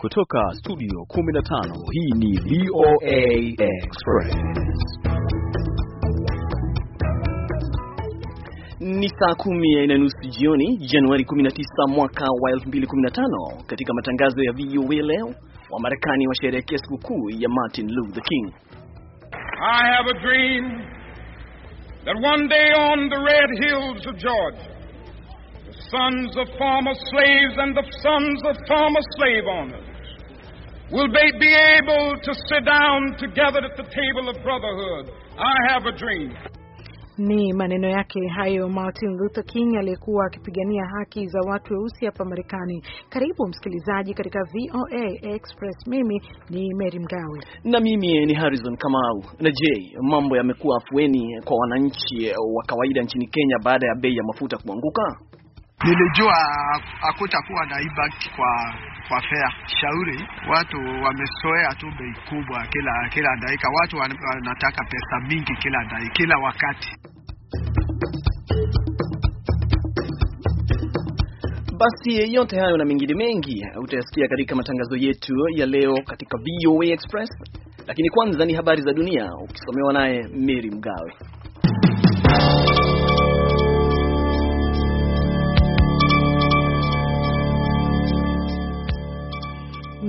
Kutoka studio 15 hii ni VOA Express. Ni saa kumi na nusu jioni Januari 19 mwaka wa 2015. Katika matangazo ya VOA leo, Wamarekani washerehekea sikukuu ya Martin Luther King. I have a dream that one day on the red hills of Georgia sons of former slaves and the sons of former slave owners will they be able to sit down together at the table of brotherhood. I have a dream. Ni maneno yake hayo Martin Luther King aliyekuwa akipigania haki za watu weusi hapa Marekani. Karibu msikilizaji katika VOA Express. Mimi ni Mary Mgawe na mimi ni Harrison Kamau. Na je, mambo yamekuwa afueni kwa wananchi wa kawaida nchini Kenya baada ya bei ya mafuta kuanguka? Nilijua hakutakuwa na ibank kwa kwa fare. Shauri watu wamesoea tu bei kubwa kila kila dakika, watu wanataka pesa mingi kila dakika, kila wakati. Basi yote hayo na mengine mengi utayasikia katika matangazo yetu ya leo katika VOA Express, lakini kwanza ni habari za dunia ukisomewa naye Mary Mgawe.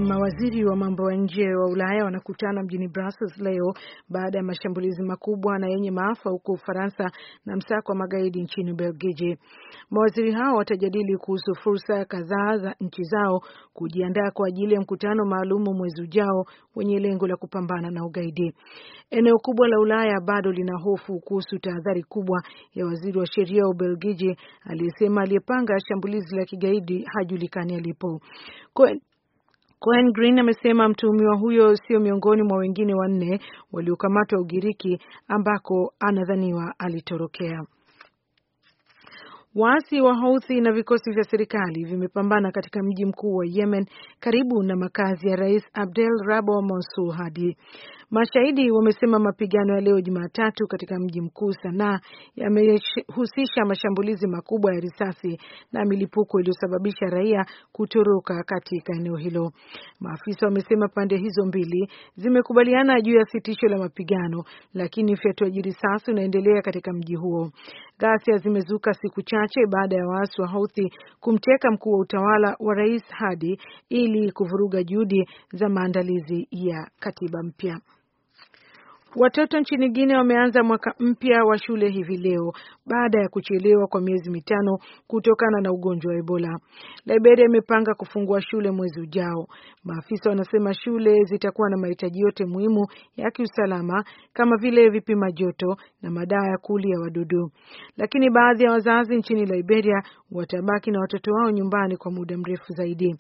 Mawaziri wa mambo ya nje wa Ulaya wanakutana mjini Brussels leo baada ya mashambulizi makubwa na yenye maafa huko Ufaransa na msako wa magaidi nchini Ubelgiji. Mawaziri hao watajadili kuhusu fursa kadhaa za nchi zao kujiandaa kwa ajili ya mkutano maalumu mwezi ujao wenye lengo la kupambana na ugaidi. Eneo kubwa la Ulaya bado lina hofu kuhusu tahadhari kubwa ya waziri wa sheria wa Ubelgiji aliyesema aliyepanga shambulizi la kigaidi hajulikani alipo. Cohen Green amesema mtuhumiwa huyo sio miongoni mwa wengine wanne waliokamatwa Ugiriki ambako anadhaniwa alitorokea. Waasi wa Houthi na vikosi vya serikali vimepambana katika mji mkuu wa Yemen karibu na makazi ya Rais Abdel Rabo Mansur Hadi. Mashahidi wamesema mapigano ya leo Jumatatu katika mji mkuu Sanaa yamehusisha mashambulizi makubwa ya risasi na milipuko iliyosababisha raia kutoroka katika eneo hilo. Maafisa wamesema pande hizo mbili zimekubaliana juu ya sitisho la mapigano, lakini ufyatuaji risasi unaendelea katika mji huo. Ghasia zimezuka siku chache baada ya waasi wa Houthi kumteka mkuu wa utawala wa Rais Hadi ili kuvuruga juhudi za maandalizi ya katiba mpya. Watoto nchini Guinea wameanza mwaka mpya wa shule hivi leo baada ya kuchelewa kwa miezi mitano kutokana na ugonjwa wa Ebola. Liberia imepanga kufungua shule mwezi ujao. Maafisa wanasema shule zitakuwa na mahitaji yote muhimu ya kiusalama kama vile vipima joto na madawa ya ya wadudu, lakini baadhi ya wazazi nchini Liberia watabaki na watoto wao nyumbani kwa muda mrefu zaidi.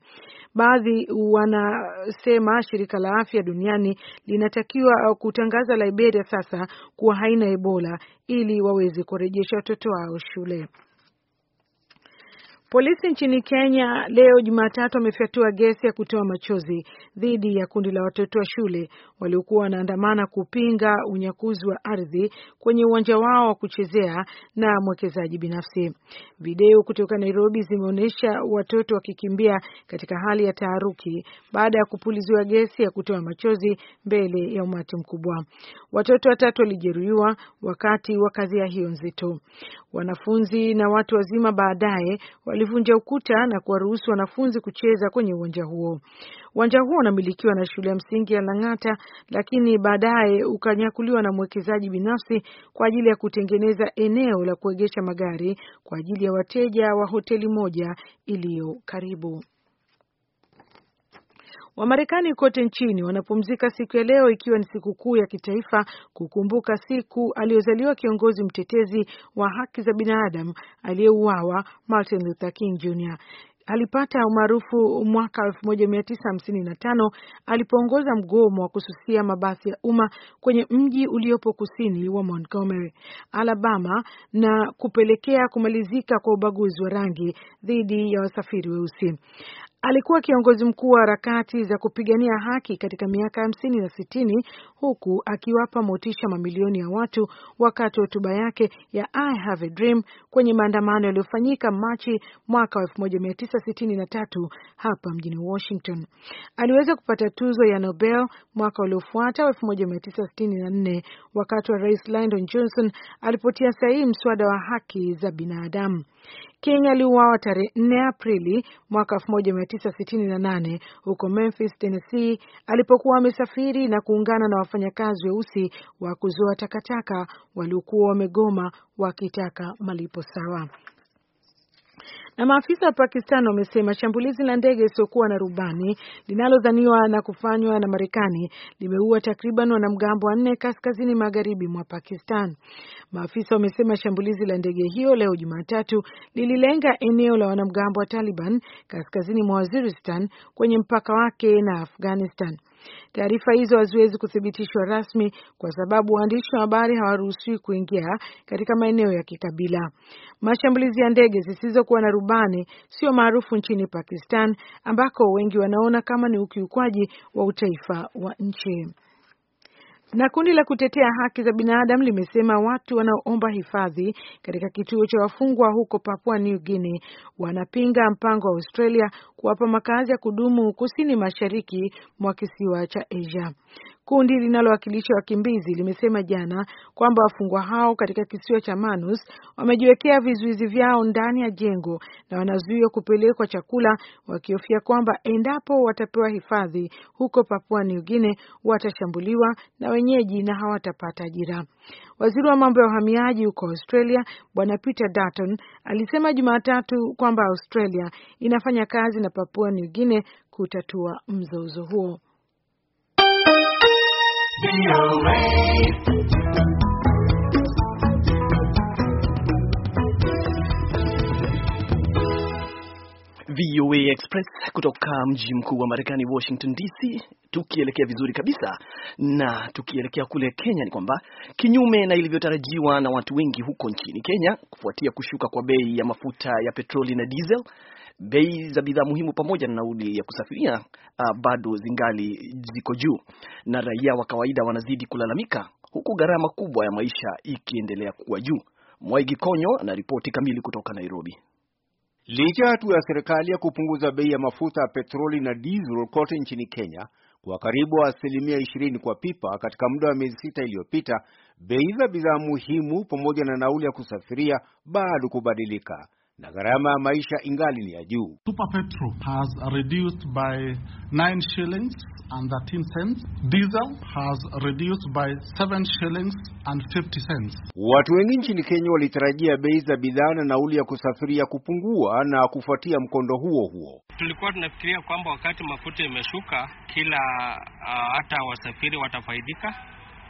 Baadhi wanasema shirika la afya duniani linatakiwa kutangaza Liberia sasa kuwa haina Ebola ili waweze kurejesha watoto wao shule. Polisi nchini Kenya leo Jumatatu wamefyatua gesi ya kutoa machozi dhidi ya kundi la watoto wa shule waliokuwa wanaandamana kupinga unyakuzi wa ardhi kwenye uwanja wao wa kuchezea na mwekezaji binafsi. Video kutoka Nairobi zimeonyesha watoto wakikimbia katika hali ya taharuki baada ya kupuliziwa gesi ya kutoa machozi mbele ya umati mkubwa. Watoto watatu walijeruhiwa wakati wa ya hiyo nzito. Wanafunzi na watu wazima baadaye walivunja ukuta na kuwaruhusu wanafunzi kucheza kwenye uwanja huo. Uwanja huo unamilikiwa na shule ya msingi ya Lang'ata, lakini baadaye ukanyakuliwa na mwekezaji binafsi kwa ajili ya kutengeneza eneo la kuegesha magari kwa ajili ya wateja wa hoteli moja iliyo karibu. Wamarekani kote nchini wanapumzika siku ya leo ikiwa ni siku kuu ya kitaifa kukumbuka siku aliyozaliwa kiongozi mtetezi wa haki za binadamu aliyeuawa Martin Luther King Jr. Alipata umaarufu mwaka 1955 alipoongoza mgomo wa kususia mabasi ya umma kwenye mji uliopo kusini wa Montgomery, Alabama na kupelekea kumalizika kwa ubaguzi wa rangi dhidi ya wasafiri weusi. Alikuwa kiongozi mkuu wa harakati za kupigania haki katika miaka hamsini na sitini huku akiwapa motisha mamilioni ya watu wakati wa hotuba yake ya I Have a Dream kwenye maandamano yaliyofanyika Machi mwaka 1963 hapa mjini Washington. Aliweza kupata tuzo ya Nobel mwaka uliofuata 1964 wakati wa Rais Lyndon Johnson alipotia sahihi mswada wa haki za binadamu. King aliuawa tarehe 4 Aprili mwaka 1968 huko Memphis, Tennessee alipokuwa amesafiri na kuungana na wafanyakazi weusi wa kuzoa takataka waliokuwa wamegoma wakitaka malipo sawa. Na maafisa wa Pakistan wamesema shambulizi la ndege isiyokuwa na rubani linalodhaniwa na kufanywa na Marekani limeua takriban wanamgambo wanne kaskazini magharibi mwa Pakistan. Maafisa wamesema shambulizi la ndege hiyo leo Jumatatu lililenga eneo la wanamgambo wa Taliban kaskazini mwa Waziristan kwenye mpaka wake na Afghanistan. Taarifa hizo haziwezi kuthibitishwa rasmi kwa sababu waandishi wa habari hawaruhusiwi kuingia katika maeneo ya kikabila. Mashambulizi ya ndege zisizokuwa na rubani sio maarufu nchini Pakistan ambako wengi wanaona kama ni ukiukwaji wa utaifa wa nchi. Na kundi la kutetea haki za binadamu limesema watu wanaoomba hifadhi katika kituo cha wafungwa huko Papua New Guinea wanapinga mpango wa Australia kuwapa makazi ya kudumu kusini mashariki mwa kisiwa cha Asia. Kundi linalowakilisha wakimbizi limesema jana kwamba wafungwa hao katika kisiwa cha Manus wamejiwekea vizuizi vyao ndani ya jengo na wanazuiwa kupelekwa chakula, wakihofia kwamba endapo watapewa hifadhi huko Papua New Guinea watashambuliwa na wenyeji na hawatapata ajira. Waziri wa mambo ya uhamiaji huko Australia Bwana Peter Dutton alisema Jumatatu kwamba Australia inafanya kazi na Papua New Guinea kutatua mzozo huo. VOA Express kutoka mji mkuu wa Marekani Washington DC. Tukielekea vizuri kabisa na tukielekea kule Kenya, ni kwamba kinyume na ilivyotarajiwa na watu wengi huko nchini Kenya kufuatia kushuka kwa bei ya mafuta ya petroli na diesel bei za bidhaa muhimu pamoja na nauli ya kusafiria uh, bado zingali ziko juu, na raia wa kawaida wanazidi kulalamika, huku gharama kubwa ya maisha ikiendelea kuwa juu. Mwaigi Konyo ana ripoti kamili kutoka Nairobi. Licha ya hatua ya serikali ya kupunguza bei ya mafuta ya petroli na diesel kote nchini Kenya kwa karibu asilimia ishirini kwa pipa katika muda wa miezi sita iliyopita, bei za bidhaa muhimu pamoja na nauli ya kusafiria bado kubadilika na gharama ya maisha ingali ni ya juu. Super petrol has reduced by 9 shillings and 13 cents. Diesel has reduced by 7 shillings and 50 cents. Watu wengi nchini Kenya walitarajia bei za bidhaa na nauli ya kusafiria kupungua na kufuatia mkondo huo huo. Tulikuwa tunafikiria kwamba wakati mafuta yameshuka, kila uh, hata wasafiri watafaidika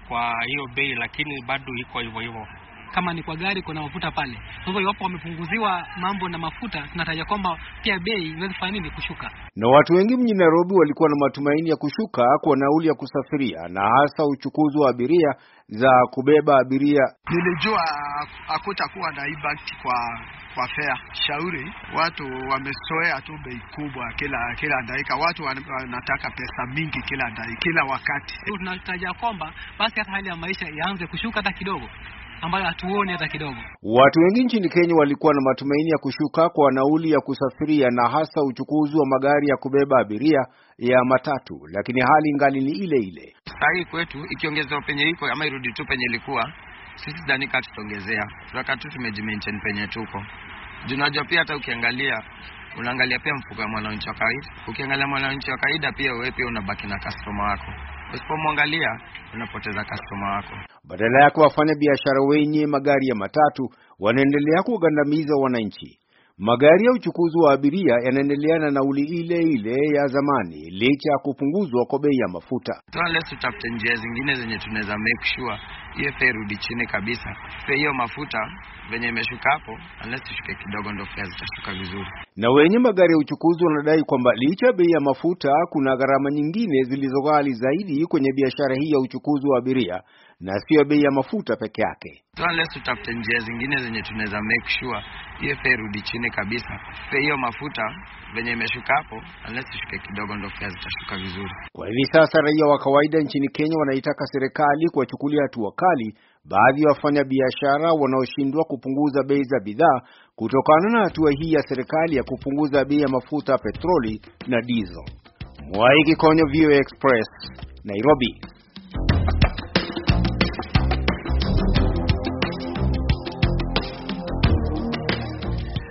kwa hiyo bei, lakini bado iko hivyo hivyo kama ni kwa gari kuna mafuta pale. Kwa hivyo iwapo wamepunguziwa mambo na mafuta, tunataja kwamba pia bei iweze kufanya nini, kushuka. Na watu wengi mjini Nairobi walikuwa na matumaini ya kushuka kwa nauli ya kusafiria na hasa uchukuzi wa abiria za kubeba abiria. Nilijua hakutakuwa na impact kwa kwa fare. Shauri watu wamesoea tu bei kubwa kila kila dakika, watu wanataka pesa mingi kila dakika, kila wakati. Tunataja kwamba basi hata hali ya maisha ianze kushuka hata kidogo ambayo hatuoni hata kidogo. Watu wengi nchini Kenya walikuwa na matumaini ya kushuka kwa nauli ya kusafiria na hasa uchukuzi wa magari ya kubeba abiria ya matatu, lakini hali ngali ni ile ile. Saa hii kwetu ikiongezwa penye iko ama irudi tu penye ilikuwa, sisi sidhani kaa tutaongezea, tutaka tu tumejimaintain penye tuko juu. Unajua pia hata ukiangalia unaangalia pia mfuko wa mwananchi wa kawaida, ukiangalia mwananchi wa kawaida pia wewe pia unabaki na customer wako. Usipomwangalia unapoteza customer wako. Badala yake kuwafanya biashara wenye magari ya matatu wanaendelea kugandamiza wananchi. Magari ya uchukuzi wa abiria yanaendelea na nauli ile ile ya zamani licha ya kupunguzwa kwa bei ya mafuta. Tunalesi tutafute njia zingine zenye tunaweza make sure hiyo fare irudi chini kabisa. Hiyo mafuta venye imeshuka hapo, unless tushuke kidogo, ndio fare zitashuka vizuri. Na wenye magari ya uchukuzi wanadai kwamba licha ya bei ya mafuta, kuna gharama nyingine zilizoghali zaidi kwenye biashara hii ya uchukuzi wa abiria na sio bei ya mafuta peke yake. Tunaless tutafute njia zingine zenye tunaweza make sure TFA irudi chini kabisa. Hiyo mafuta venye imeshuka hapo, unless ishuke kidogo, ndio pia zitashuka vizuri. Kwa hivi sasa raia wa kawaida nchini Kenya wanaitaka serikali kuwachukulia hatua kali baadhi ya wafanyabiashara wanaoshindwa kupunguza bei za bidhaa kutokana na hatua hii ya serikali ya kupunguza bei ya mafuta ya petroli na diesel. Mwaiki Kikonyo, VOA Express, Nairobi.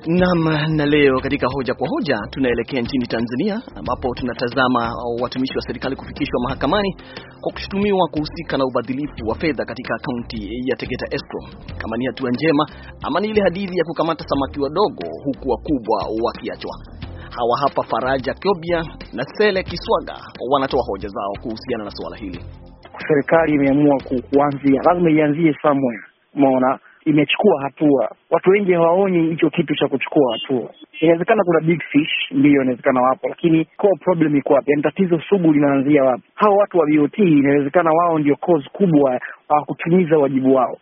Naam, na leo katika hoja kwa hoja tunaelekea nchini Tanzania ambapo tunatazama watumishi wa serikali kufikishwa mahakamani kwa kushutumiwa kuhusika na ubadhilifu wa fedha katika kaunti ya Tegeta Escrow. Kama ni hatua njema ama ni ile hadithi ya kukamata samaki wadogo huku wakubwa wakiachwa. Hawa hapa Faraja Kyobia na Sele Kiswaga wanatoa hoja zao kuhusiana na suala hili. Serikali imeamua kuanzia, lazima ianzie somewhere, umeona imechukua hatua. Watu wengi hawaoni hicho kitu cha kuchukua hatua. Inawezekana kuna big fish, ndiyo, inawezekana wapo, lakini core problem iko wapi? Yani tatizo sugu linaanzia wapi? Hawa watu wa BOT inawezekana wao ndio cause kubwa, hawakutimiza wajibu wao,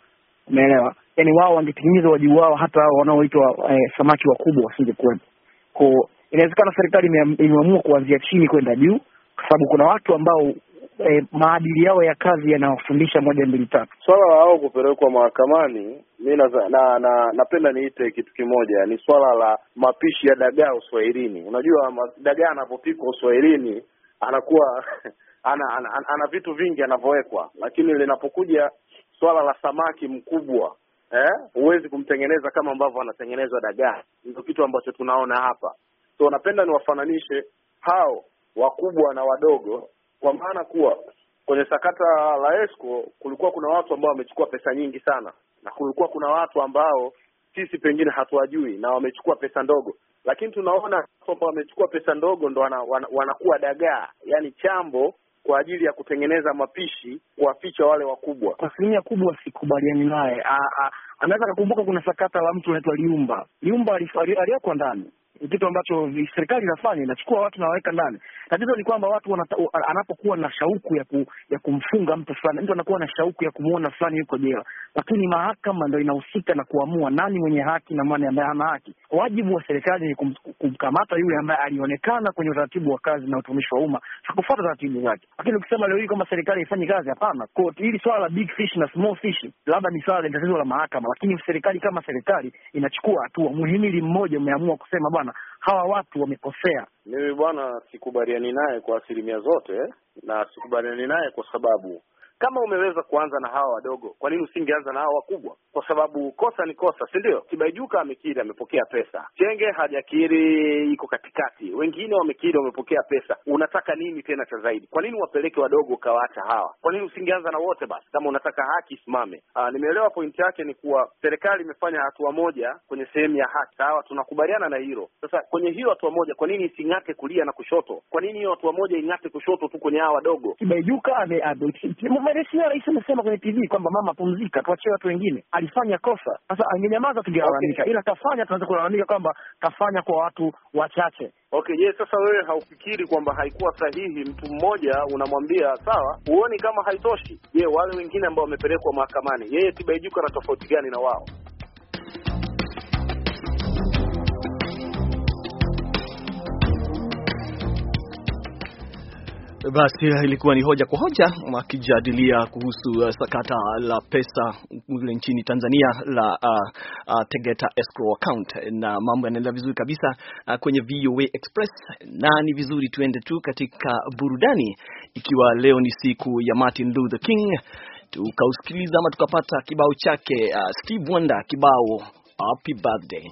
umeelewa? Yani wao wangetimiza wajibu wao, hata hao wanaoitwa eh, samaki wakubwa wasingekuwepo. Ko inawezekana serikali imeamua kuanzia chini kwenda juu, kwa sababu kuna watu ambao eh, maadili yao ya kazi yanawafundisha moja mbili tatu. Swala la ao kupelekwa mahakamani, mi na, na napenda niite kitu kimoja, ni swala la mapishi ya dagaa uswahilini. Unajua dagaa anapopikwa uswahilini anakuwa ana, ana, ana, ana vitu vingi anavyowekwa, lakini linapokuja swala la samaki mkubwa eh, huwezi eh, kumtengeneza kama ambavyo anatengenezwa dagaa. Ndio kitu ambacho tunaona hapa. So napenda niwafananishe hao wakubwa na wadogo kwa maana kuwa kwenye sakata la Esco kulikuwa kuna watu ambao wamechukua pesa nyingi sana, na kulikuwa kuna watu ambao sisi pengine hatuwajui na wamechukua pesa ndogo, lakini tunaona watu ambao wamechukua pesa ndogo ndo wana, wana, wanakuwa dagaa, yani chambo kwa ajili ya kutengeneza mapishi kuwaficha wale wakubwa. Kwa asilimia kubwa sikubaliani naye. Anaweza akakumbuka kuna sakata la mtu anaitwa Liumba. Liumba aliwekwa ndani ni kitu ambacho serikali inafanya, inachukua watu na waweka ndani. Tatizo ni kwamba watu wanata, anapokuwa na shauku ya, ku, ya kumfunga mtu fulani, mtu anakuwa na shauku ya kumwona fulani yuko jela, lakini mahakama ndo inahusika na kuamua nani mwenye haki na nani ambaye hana haki. Wajibu wa serikali ni kum, kumkamata yule ambaye alionekana kwenye utaratibu wa kazi na utumishi wa umma kufuata taratibu zake. Lakini ukisema leo hii kwamba serikali haifanyi kazi, hapana. Hili swala la big fish na small fish labda ni swala la tatizo la mahakama, lakini serikali kama serikali inachukua hatua. Muhimili mmoja umeamua kusema bwana hawa watu wamekosea. Mimi bwana, sikubaliani naye kwa asilimia zote, na sikubaliani naye kwa sababu kama umeweza kuanza na hawa wadogo, kwa nini usingeanza na hawa wakubwa? Kwa sababu kosa ni kosa, si ndio? Kibaijuka amekiri amepokea pesa, Chenge hajakiri, iko katikati, wengine wamekiri wamepokea pesa. Unataka nini tena cha zaidi? Kwa nini wapeleke wadogo ukawaacha hawa? Kwa nini usingeanza na wote basi, kama unataka haki isimame? Ah, nimeelewa pointi yake ni kuwa serikali imefanya hatua moja kwenye sehemu ya haki, sawa, tunakubaliana na hilo. Sasa kwenye hiyo hatua moja, kwa nini ising'ate kulia na kushoto? Kwa nini hiyo hatua moja ing'ate kushoto tu kwenye hawa wadogo? Kibaijuka ame Rais rais amesema kwenye TV kwamba mama, pumzika, tuachie watu wengine. Alifanya kosa, sasa angenyamaza tungelalamika, okay. Ila kafanya, tunaweza kulalamika kwamba kafanya kwa watu wachache. Okay, je, sasa wewe haufikiri kwamba haikuwa sahihi? Mtu mmoja unamwambia sawa, huoni kama haitoshi? Je, wale wengine ambao wamepelekwa mahakamani, yeye Tibaijuka na tofauti gani na wao? Basi ilikuwa ni hoja kwa hoja wakijadilia kuhusu uh, sakata la pesa kule nchini Tanzania la uh, uh, Tegeta escrow account, na mambo yanaenda vizuri kabisa uh, kwenye VOA Express, na ni vizuri tuende tu katika burudani, ikiwa leo ni siku ya Martin Luther King, tukausikiliza ama tukapata kibao chake uh, Steve Wonder kibao Happy Birthday.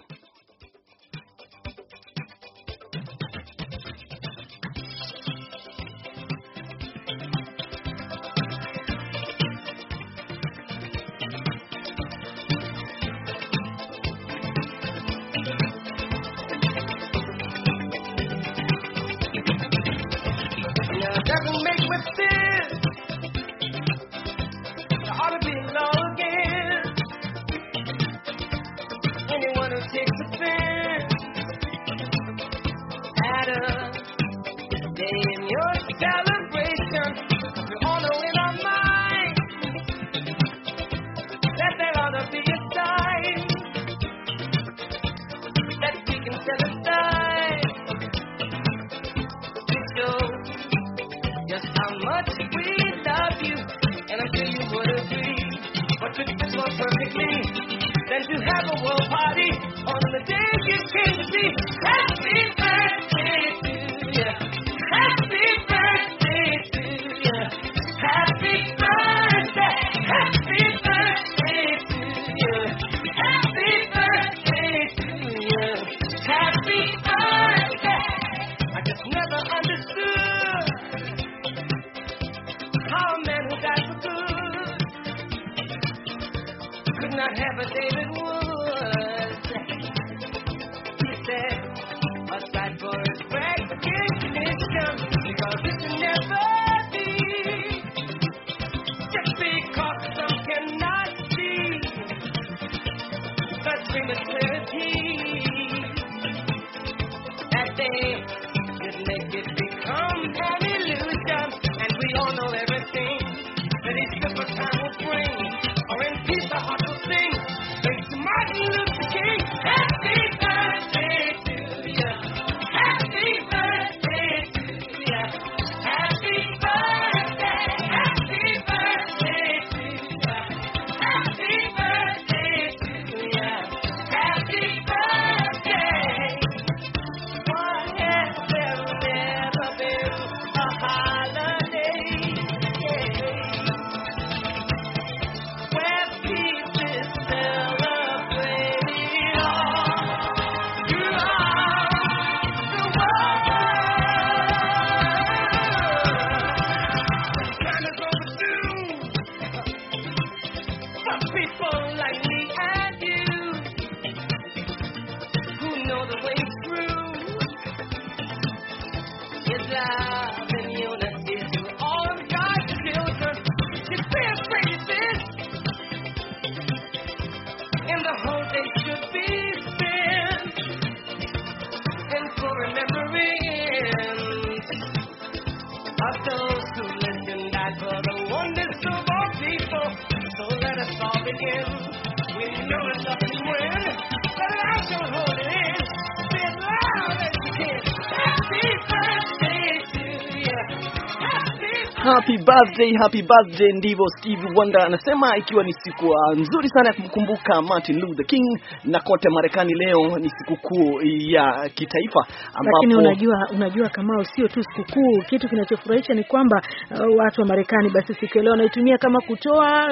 Happy birthday, happy birthday, ndivyo Steve Wonder anasema, ikiwa ni siku ah, nzuri sana ya kumkumbuka Martin Luther King, na kote Marekani leo ni sikukuu ya kitaifa ambapo... Lakini unajua, unajua kama sio tu sikukuu, kitu kinachofurahisha ni kwamba uh, watu wa Marekani basi siku leo wanaitumia kama kutoa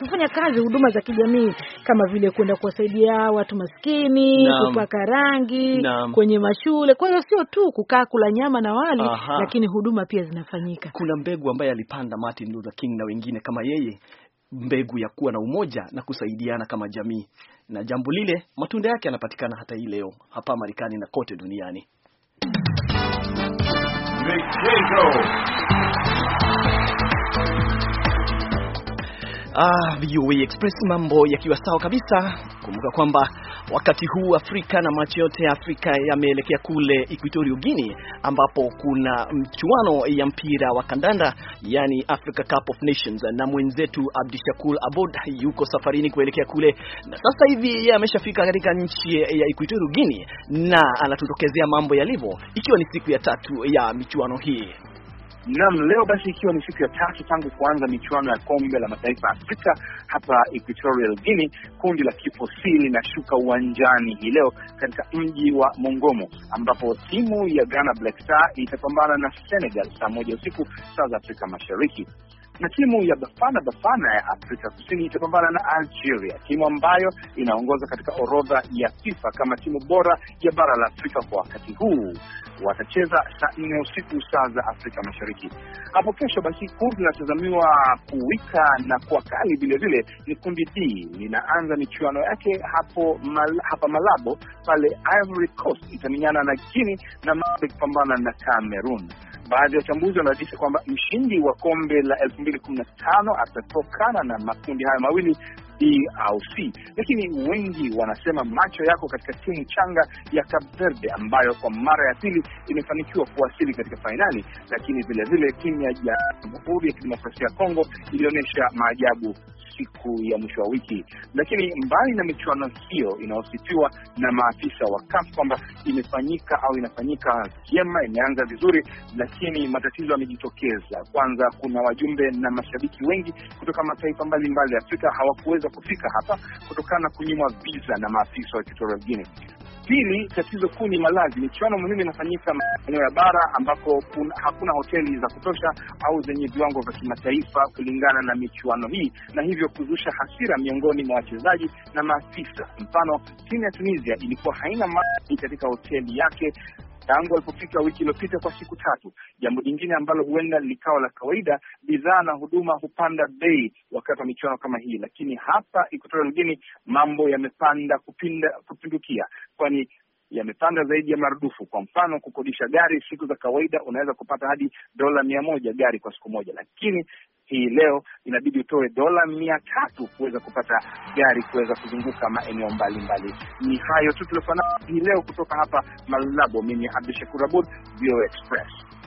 kufanya kazi huduma za kijamii kama vile kwenda kuwasaidia watu maskini kupaka rangi Naam. kwenye mashule. Kwa hiyo sio tu kukaa kula nyama na wali Aha. lakini huduma pia zinafanyika. Kuna mbegu ambaye alipanda Martin Luther King na wengine kama yeye, mbegu ya kuwa na umoja na kusaidiana kama jamii, na jambo lile matunda yake yanapatikana hata hii leo hapa Marekani na kote duniani. Michezo. Ah, VOA Express mambo yakiwa sawa kabisa. Kumbuka kwamba wakati huu Afrika na macho yote ya Afrika yameelekea kule Equatorial Guinea ambapo kuna mchuano ya mpira wa kandanda yani Africa Cup of Nations, na mwenzetu Abdishakur Abod yuko safarini kuelekea kule, na sasa hivi yeye ameshafika katika nchi ya Equatorial Guinea na anatutokezea mambo yalivyo, ikiwa ni siku ya tatu ya michuano hii. Naam, leo basi ikiwa ni siku ya tatu tangu kuanza michuano ya kombe la mataifa ya Afrika hapa Equatorial Guinea, kundi la Kipo C linashuka uwanjani hii leo katika mji wa Mongomo, ambapo timu ya Ghana Black Star itapambana na Senegal saa moja usiku saa za Afrika Mashariki na timu ya Bafana Bafana ya Afrika Kusini itapambana na Algeria, timu ambayo inaongoza katika orodha ya FIFA kama timu bora ya bara la Afrika kwa wakati huu. Watacheza saa nne usiku saa za Afrika Mashariki. Hapo kesho basi, kundi linatazamiwa kuwika na kuwa kali vilevile. Ni kundi D linaanza michuano yake hapo mal, hapa Malabo pale Ivory Coast itamenyana na Guinea na Mali kupambana na Cameroon. Baadhi ya wachambuzi wanadadisi kwamba mshindi wa kombe la elfu mbili kumi na tano atatokana na makundi hayo mawili E au C, lakini wengi wanasema macho yako katika timu changa ya Cape Verde ambayo kwa mara ya pili imefanikiwa kuwasili katika fainali, lakini vilevile timu ya Jamhuri ya Kidemokrasia ya Kongo ilionyesha maajabu siku ya mwisho wa wiki. Lakini mbali na michuano hiyo inayosifiwa na maafisa wa CAF kwamba imefanyika au inafanyika vyema, imeanza vizuri, lakini matatizo yamejitokeza. Kwanza, kuna wajumbe na mashabiki wengi kutoka mataifa mbalimbali ya Afrika hawakuweza kufika hapa kutokana na kunyimwa visa na maafisa wa Equatorial Guinea. Pili, tatizo kuu ni malazi. Michuano muhimu inafanyika maeneo ya bara ambako hakuna hoteli za kutosha au zenye viwango vya kimataifa kulingana na michuano hii, na hivyo kuzusha hasira miongoni mwa wachezaji na maafisa. Mfano, timu ya Tunisia ilikuwa haina maji katika hoteli yake tangu alipofika wiki iliyopita kwa siku tatu. Jambo jingine ambalo huenda likawa la kawaida, bidhaa na huduma hupanda bei wakati wa michuano kama hii, lakini hapa Equatorial Guinea mambo yamepanda kupinda kupindukia, kwani yamepanda zaidi ya maradufu. Kwa mfano, kukodisha gari siku za kawaida unaweza kupata hadi dola mia moja gari kwa siku moja, lakini hii leo inabidi utoe dola mia tatu kuweza kupata gari kuweza kuzunguka maeneo mbalimbali. Ni hayo tu tuliofanana hii leo kutoka hapa Malabo. Mimi Abdu Shakur Abud, VOA Express.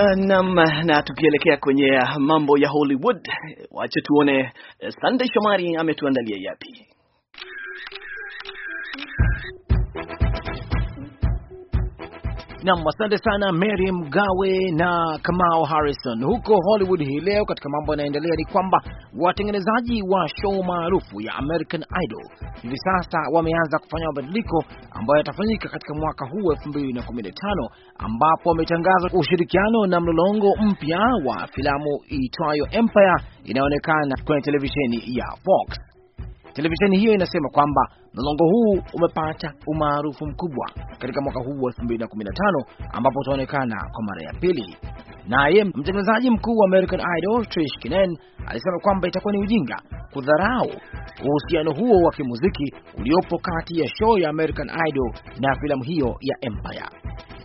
Eh, Naam, na tukielekea kwenye eh, mambo ya Hollywood, eh, wache tuone Sunday Shomari ametuandalia yapi. Nam, asante sana Mary Mgawe na Kamau Harrison. Huko Hollywood hii leo, katika mambo yanaendelea ni kwamba watengenezaji wa show maarufu ya American Idol hivi sasa wameanza kufanya mabadiliko ambayo yatafanyika katika mwaka huu 2015 ambapo wametangaza ushirikiano na mlolongo mpya wa filamu iitwayo Empire inayoonekana kwenye televisheni ya Fox. Televisheni hiyo inasema kwamba mlongo huu umepata umaarufu mkubwa katika mwaka huu wa 2015 ambapo utaonekana kwa mara ya pili. Naye mtengenezaji mkuu wa American Idol Trish Kinen alisema kwamba itakuwa ni ujinga kudharau uhusiano huo wa kimuziki uliopo kati ya show ya American Idol na filamu hiyo ya Empire.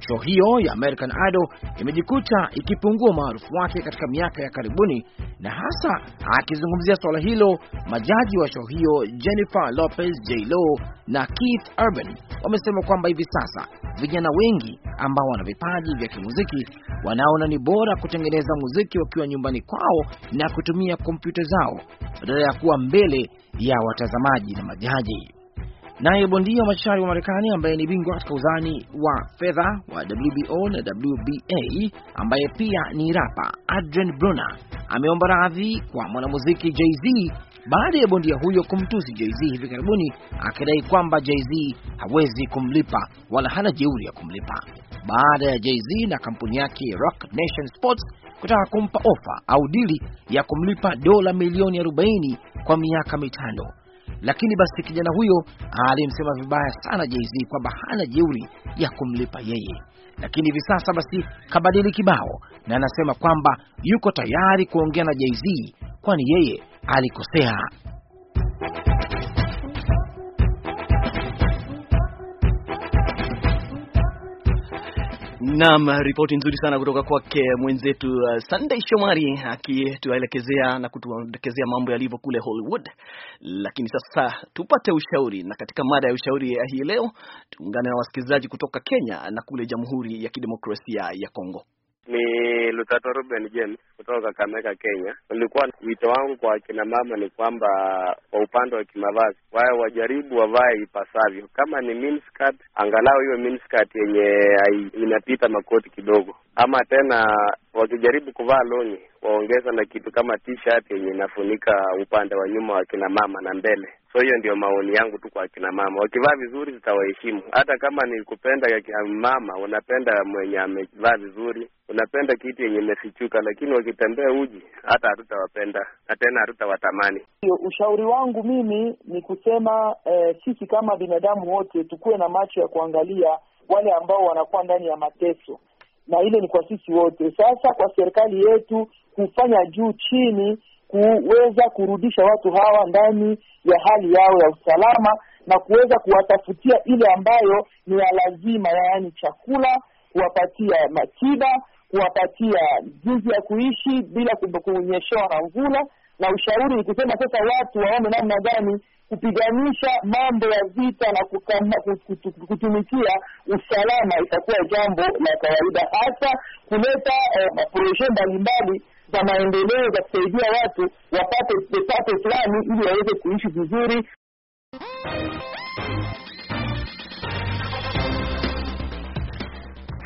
Show hiyo ya American Idol imejikuta ikipungua maarufu wake katika miaka ya karibuni, na hasa akizungumzia swala hilo, majaji wa show hiyo Jennifer Lopez J-Lo na Keith Urban wamesema kwamba hivi sasa vijana wengi ambao wana vipaji vya kimuziki wanaona ni bora kutengeneza muziki wakiwa nyumbani kwao na kutumia kompyuta zao badala ya kuwa mbele ya watazamaji na majaji. Naye bondia machari wa Marekani ambaye ni bingwa katika uzani wa fedha wa WBO na WBA ambaye pia ni rapa Adrian Broner ameomba radhi kwa mwanamuziki Jay-Z baada ya bondia huyo kumtusi Jay-Z hivi karibuni, akidai kwamba Jay-Z hawezi kumlipa wala hana jeuri ya kumlipa baada ya Jay-Z na kampuni yake Rock Nation Sports kutaka kumpa ofa au dili ya kumlipa dola milioni 40 kwa miaka mitano lakini basi kijana huyo alimsema vibaya sana Jay-Z kwamba hana jeuri ya kumlipa yeye, lakini hivi sasa basi kabadili kibao na anasema kwamba yuko tayari kuongea na Jay-Z, kwani yeye alikosea. Naam, ripoti nzuri sana kutoka kwake mwenzetu uh, Sunday Shomari akituelekezea na kutuelekezea mambo yalivyo kule Hollywood. Lakini sasa tupate ushauri, na katika mada ya ushauri hii leo tuungane na wasikilizaji kutoka Kenya na kule Jamhuri ya Kidemokrasia ya Kongo. Ni Lutato Ruben James kutoka Kakamega, Kenya. Ulikuwa wito wangu kwa akina mama ni kwamba kwa upande wa kimavazi, wao wajaribu wavae ipasavyo. Kama ni miniskirt, angalau hiyo miniskirt yenye inapita makoti kidogo, ama tena wakijaribu kuvaa loni waongeza na kitu kama t-shirt yenye inafunika upande wa nyuma wa kina mama na mbele. So hiyo ndio maoni yangu tu kwa kina mama, wakivaa vizuri zitawaheshimu. Hata kama ni kupenda ya kina mama, unapenda mwenye amevaa vizuri, unapenda kitu yenye imefichuka, lakini wakitembea uji, hata hatutawapenda na tena hatutawatamani. Ushauri wangu mimi ni kusema eh, sisi kama binadamu wote tukuwe na macho ya kuangalia wale ambao wanakuwa ndani ya mateso na ile ni kwa sisi wote. Sasa kwa serikali yetu kufanya juu chini kuweza kurudisha watu hawa ndani ya hali yao ya usalama na kuweza kuwatafutia ile ambayo ni ya lazima, yaani chakula, kuwapatia matiba, kuwapatia jinsi ya kuishi bila kunyeshewa na mvula, na ushauri ni kusema sasa watu waone namna gani kupiganisha mambo ya vita na kukama, kutumikia usalama itakuwa jambo la kawaida, hasa kuleta eh, mbalimbali za maendeleo za kusaidia watu wapate pato fulani ili waweze kuishi vizuri.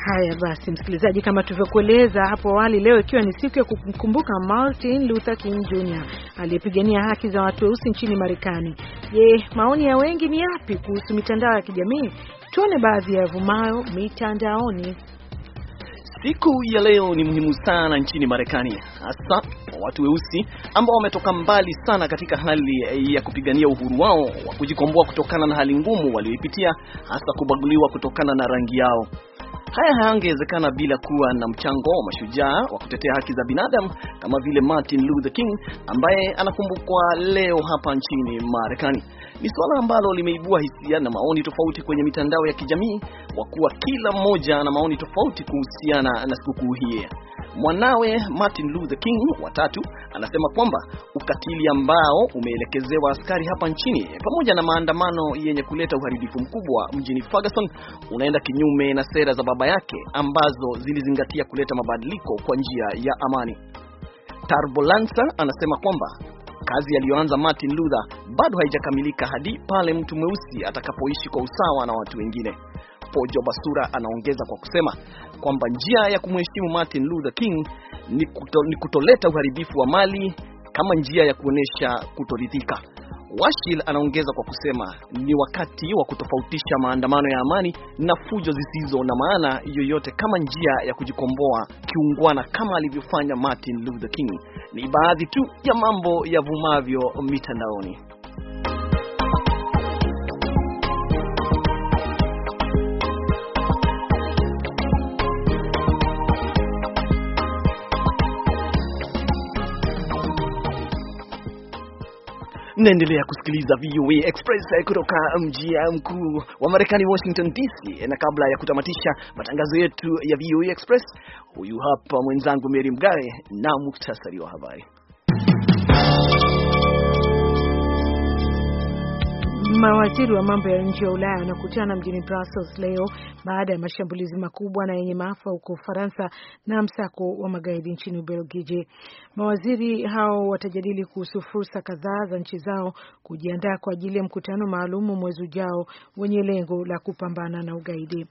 Haya basi, msikilizaji, kama tulivyokueleza hapo awali, leo ikiwa ni siku ya kukumbuka Martin Luther King Jr. aliyepigania haki za watu weusi nchini Marekani. Je, maoni ya wengi ni yapi kuhusu mitandao ya kijamii? Tuone baadhi ya vumayo mitandaoni. Siku ya leo ni muhimu sana nchini Marekani, hasa kwa watu weusi ambao wametoka mbali sana katika hali ya kupigania uhuru wao wa kujikomboa kutokana na hali ngumu walioipitia, hasa kubaguliwa kutokana na rangi yao. Haya hayangewezekana bila kuwa na mchango wa mashujaa wa kutetea haki za binadamu kama vile Martin Luther King ambaye anakumbukwa leo hapa nchini Marekani. Ni suala ambalo limeibua hisia na maoni tofauti kwenye mitandao ya kijamii, kwa kuwa kila mmoja ana maoni tofauti kuhusiana na sikukuu hii. Mwanawe Martin Luther King watatu anasema kwamba ukatili ambao umeelekezewa askari hapa nchini pamoja na maandamano yenye kuleta uharibifu mkubwa mjini Ferguson unaenda kinyume na sera za baba yake ambazo zilizingatia kuleta mabadiliko kwa njia ya amani. Tarbolansa anasema kwamba kazi aliyoanza Martin Luther bado haijakamilika hadi pale mtu mweusi atakapoishi kwa usawa na watu wengine. Pojo Basura anaongeza kwa kusema kwamba njia ya kumheshimu Martin Luther King ni, kuto, ni kutoleta uharibifu wa mali kama njia ya kuonyesha kutoridhika. Washil anaongeza kwa kusema ni wakati wa kutofautisha maandamano ya amani na fujo zisizo na maana yoyote kama njia ya kujikomboa kiungwana kama alivyofanya Martin Luther King. Ni baadhi tu ya mambo ya vumavyo mitandaoni. Naendelea kusikiliza VOA Express eh, kutoka mji eh, mkuu wa Marekani, Washington DC. Na kabla ya kutamatisha matangazo yetu ya VOA Express, huyu hapa mwenzangu Mary Mgawe na muktasari wa habari. Mawaziri wa mambo ya nje ya Ulaya wanakutana mjini Brussels leo baada ya mashambulizi makubwa na yenye maafa huko Ufaransa na msako wa magaidi nchini Ubelgiji. Mawaziri hao watajadili kuhusu fursa kadhaa za nchi zao kujiandaa kwa ajili ya mkutano maalumu mwezi ujao wenye lengo la kupambana na ugaidi.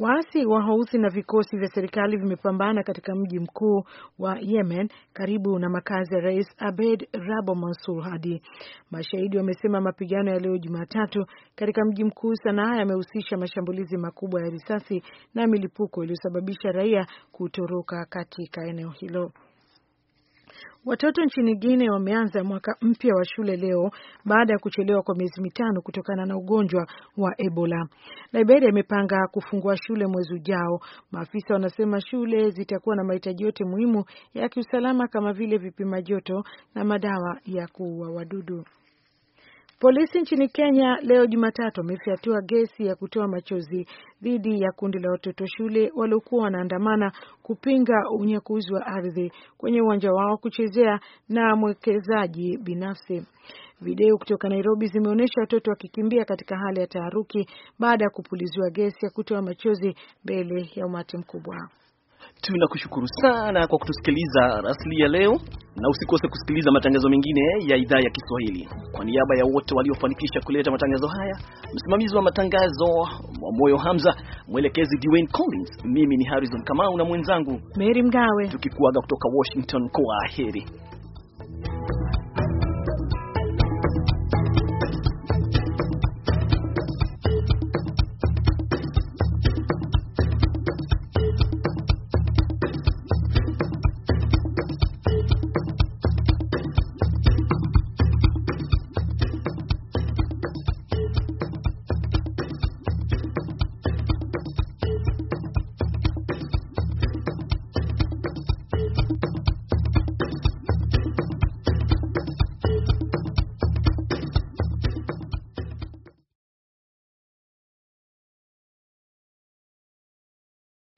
Waasi wa Houthi na vikosi vya serikali vimepambana katika mji mkuu wa Yemen karibu na makazi ya Rais Abed Rabo Mansur Hadi. Mashahidi wamesema mapigano ya leo Jumatatu katika mji mkuu Sanaa yamehusisha mashambulizi makubwa ya risasi na milipuko iliyosababisha raia kutoroka katika eneo hilo. Watoto nchini gine wameanza mwaka mpya wa shule leo baada ya kuchelewa kwa miezi mitano kutokana na ugonjwa wa Ebola. Liberia imepanga kufungua shule mwezi ujao. Maafisa wanasema shule zitakuwa na mahitaji yote muhimu ya kiusalama kama vile vipima joto na madawa ya kuua wadudu. Polisi nchini Kenya leo Jumatatu wamefyatua gesi ya kutoa machozi dhidi ya kundi la watoto shule waliokuwa wanaandamana kupinga unyakuzi wa ardhi kwenye uwanja wao kuchezea na mwekezaji binafsi. Video kutoka Nairobi zimeonyesha watoto wakikimbia katika hali ya taharuki baada ya kupuliziwa gesi ya kutoa machozi mbele ya umati mkubwa. Tunakushukuru sana kwa kutusikiliza rasli ya leo, na usikose kusikiliza matangazo mengine ya idhaa ya Kiswahili. Kwa niaba ya wote waliofanikisha kuleta matangazo haya, msimamizi wa matangazo wa Moyo Hamza, mwelekezi Dwayne Collins, mimi ni Harrison Kamau na mwenzangu Mary Mgawe, tukikuaga kutoka Washington. Kwa heri.